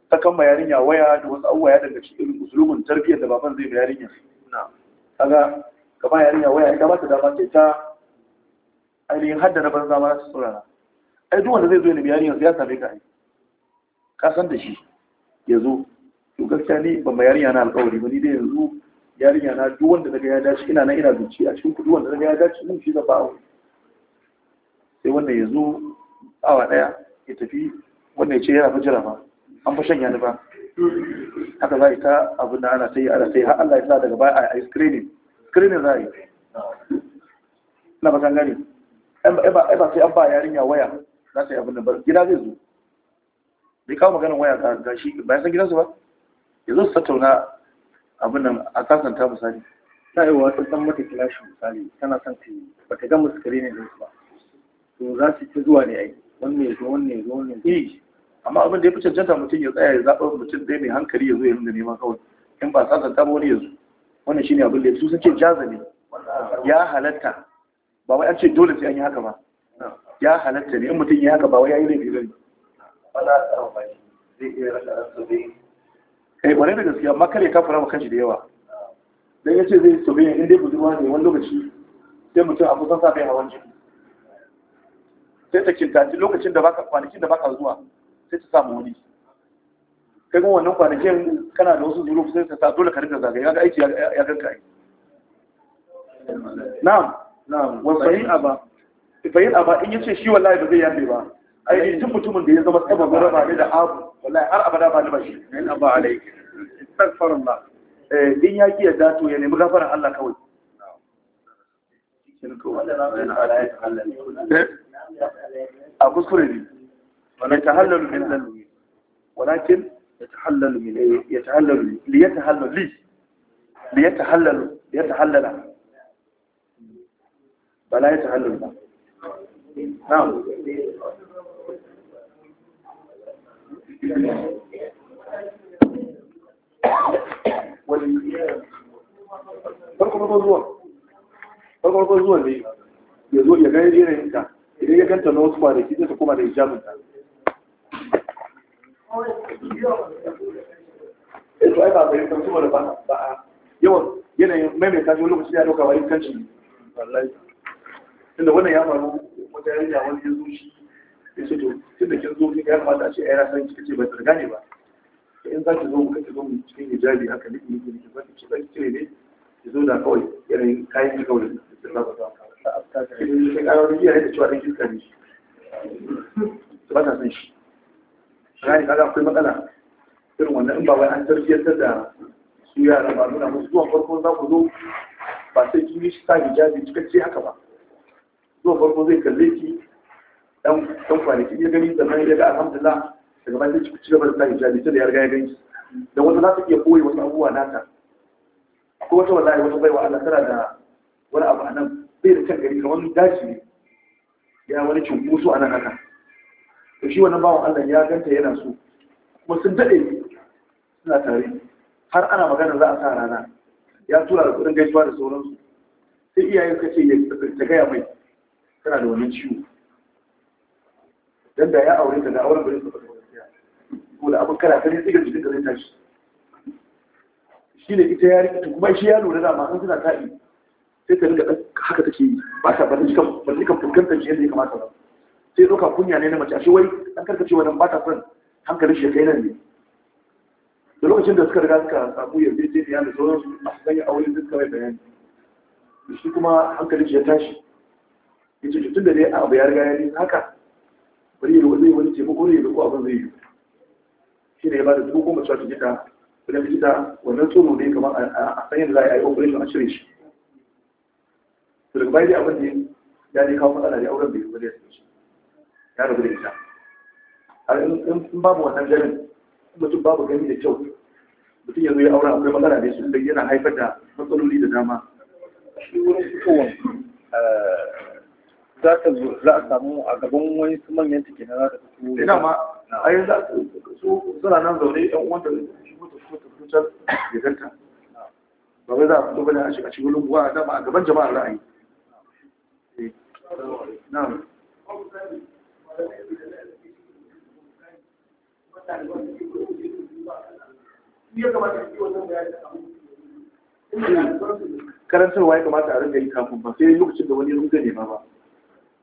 ta ma yarinya waya da wasu abubuwa ya danganci irin usulumin tarbiyyar da baban zai bayanin ya kaga gaba yarinya waya ita ba ta dama ce ta ainihin haddana banza ma su tsorana ai duk wanda zai zo ne biyar yanzu ya same ka aiki?" ka san da shi ya zo to gaskiya ni ban ma yarinya na alƙawari ba ni dai yanzu yarinya na duk wanda daga ya dace ina nan ina zuci a cikin kudu wanda daga ya dace mun shi da ba'a sai wanda ya zo awa ɗaya ya tafi wanda ya ce yana fa jira ba an fa shanya ni ba haka za a ta abin da ana sai ana sai har Allah ya sa daga baya a yi screening screening za a yi na ba gani ai ba sai an ba yarinya waya za ta yi abin da ba gida zai zo bai kawo maganin waya ga shi bayan san gidansu ba ya zo su tattauna abin nan a kasanta misali ta yi wa san mata kilashi misali tana son ta yi ba ta gama screening ɗinsu ba to za su ci zuwa ne ai wannan ya zo wannan ya zo wannan ya zo eh. amma abin da ya fi cancanta mutum ya tsaya ya zaɓa mutum ɗaya mai hankali ya zo ya rinda nema kawai in ba sa zanta wani ya zo wannan shine abin da su suke jaza ne ya halatta ba wai an ce dole sai an yi haka ba ya halatta ne in mutum ya haka ba wai ya yi laifi bane eh bare da gaskiya amma kare ka fara maka da yawa dan yace zai tobe in dai budurwa ne wani lokaci sai mutum abu san sa bai hawan jini sai ta kintaci lokacin da baka kwanakin da baka zuwa sai ta samu wani kai kuma wannan kwanakin kana da wasu zuru sai ta sa dole ka rika zagaye ga aiki ya ganka ai na'am na'am wa fahim aba fahim aba in yace shi wallahi ba zai yabe ba ai ni duk mutumin da ya zama sababin raba ne da abu wallahi har abada ba ni ba shi in aba alayki astaghfirullah eh din ya ki yadda to ya nemi gafaran Allah kawai eh, a kuskure ne ونتهلل من ولكن يتحلل من يتحلل ليتهلل لي ليتحلل ليتحلل فلا يتحلل نعم farko farko zuwa farko farko zuwa ne ya zo ya gani yanayin ta idan ya ganta na wasu kwanaki zai ta koma da hijabin ta Eh, to ai ba bai san kuma da ba yawan yanayin maimaita shi lokaci ya dauka wani kanci wallahi wannan ya faru wata yarinya wani ya zo shi ya ce to kin zo kin ya kamata a ce ai na san kika ce ba ta gane ba in za ki zo mu kace zo mu cikin hijabi haka ne ne ne ba ki ba ki ne ki zo da kawai yanayin kayan ki kawai da ba ba ta ta ta ne ka ga wani ya ce cewa ba ta san shi gani kaga akwai matsala irin wannan in ba wai an tarbiyyantar da su yara ba nuna musu zuwa farko za ku zo ba sai kin yi shi sa hijabi cikakke haka ba zuwa farko zai kalle ki dan dan kwanaki ya gani sannan ya ga alhamdulillah daga bayan sai ci gaba da sa hijabi sai da ya riga ya ganki Da wata za ta iya koyi wasu abubuwa nata akwai wata wallahi wata baiwa Allah tana da wani abu a nan bai da kan gari kamar daji ne ya wani cunkoso a nan haka da shi wannan bawan Allah ya ganta yana so kuma sun daɗe suna tare har ana magana za a sa rana ya tura da kudin gaisuwa da sauransu sai iyaye suka ce ta gaya mai tana da wani ciwo dan da ya aure ta da auren bari su fara gaskiya ko da abin kara kare tsigar jikin da zai tashi shi ne ita ya rikita kuma shi ya lura da ma an suna ta'i sai ta rika haka take yi ba ta ba ta kan fuskantar shi yadda ya kamata ba sai doka kunya ne na mace ashe wai an karkace wannan ba ta son hankalin shi kai nan ne da lokacin da suka riga suka samu yarjejeniya da sauran su a sanya aure duk kawai bayani shi kuma hankalin shi ya tashi ya ce tun da dai abu ya riga ya nisa haka bari ya zai wani ce ko ne da ko abin zai yi shi ne ya ba da dubu goma sha ta jita wajen likita wannan tsoro ne kamar a sanya da za a yi operation a cire shi to daga bayan dai abin da ya ne kawo matsala da auren bai yi ba da ya shi ya rabu da ita in babu wannan ganin mutum babu gani da kyau mutum yanzu ya aura akwai matsala ne sun yana haifar da matsaloli da dama shi wurin fitowar eh, za ta za a samu a gaban wani su manyan na za ta fito ina eh, ma a yi za su suna nan zaune yan uwan da shi su fitar da ganta ba wai za a fito bane a shiga cikin dama a gaban jama'ar ra'ayi eh, karantarwa ya kamata a rinka yi kafin ba sai lokacin da wani ya rinka nema ba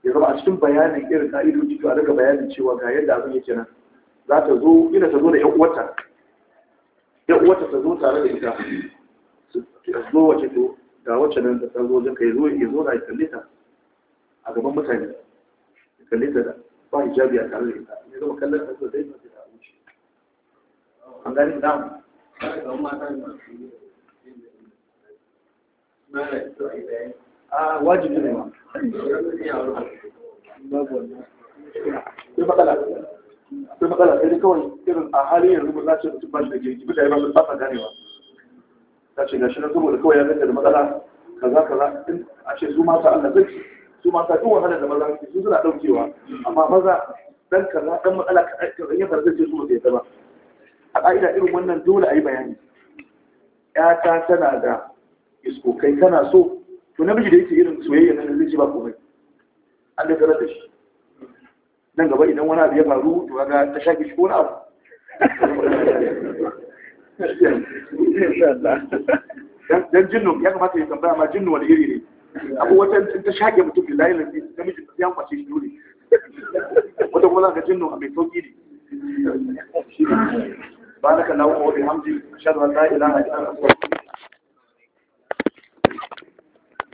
ya zama a cikin bayanin irin ka'idoji to a rinka bayanin cewa ga yadda abin yake nan za ta zo ina ta zo da yan uwata yan uwata ta zo tare da ita su zo wace to ga wacce nan ta zo wajen ka ya zo ya zo na kalle ta a gaban mutane kalle ta da ba hijabi a tare da ita ne zama kallon ɗansa zai mace da wuce an gani da a wajibi ne ma sai matsala sai matsala sai kawai irin a halin yanzu ba za ce mutum ba shi da girki bisa ya ba su fasa ganewa ta ce gashi nan saboda kawai ya zanta da matsala kaza kaza a ce su mata Allah zai su ma sa duk wahalar da maza su suna daukewa amma maza dan kaza dan matsala kaɗan kaɗan ya farza ce su ba sai ba a ƙa'ida irin wannan dole a yi bayani ƴata tana da iskokai tana so to namiji da yake irin soyayya na zai ba komai an da tarar da shi nan gaba idan wani abu ya faru to kaga ta shaƙi shi ko na abu dan jinnu ya kamata ya tambaya ma jinnu wani iri ne Abu wata ta shaƙe mutum da layin lafi ta mijin ya kwace shi dole wata kuma za ka jinnu a mai sauƙi ne ba na kan lawo wa bihamdi shadwa la ilaha illa allah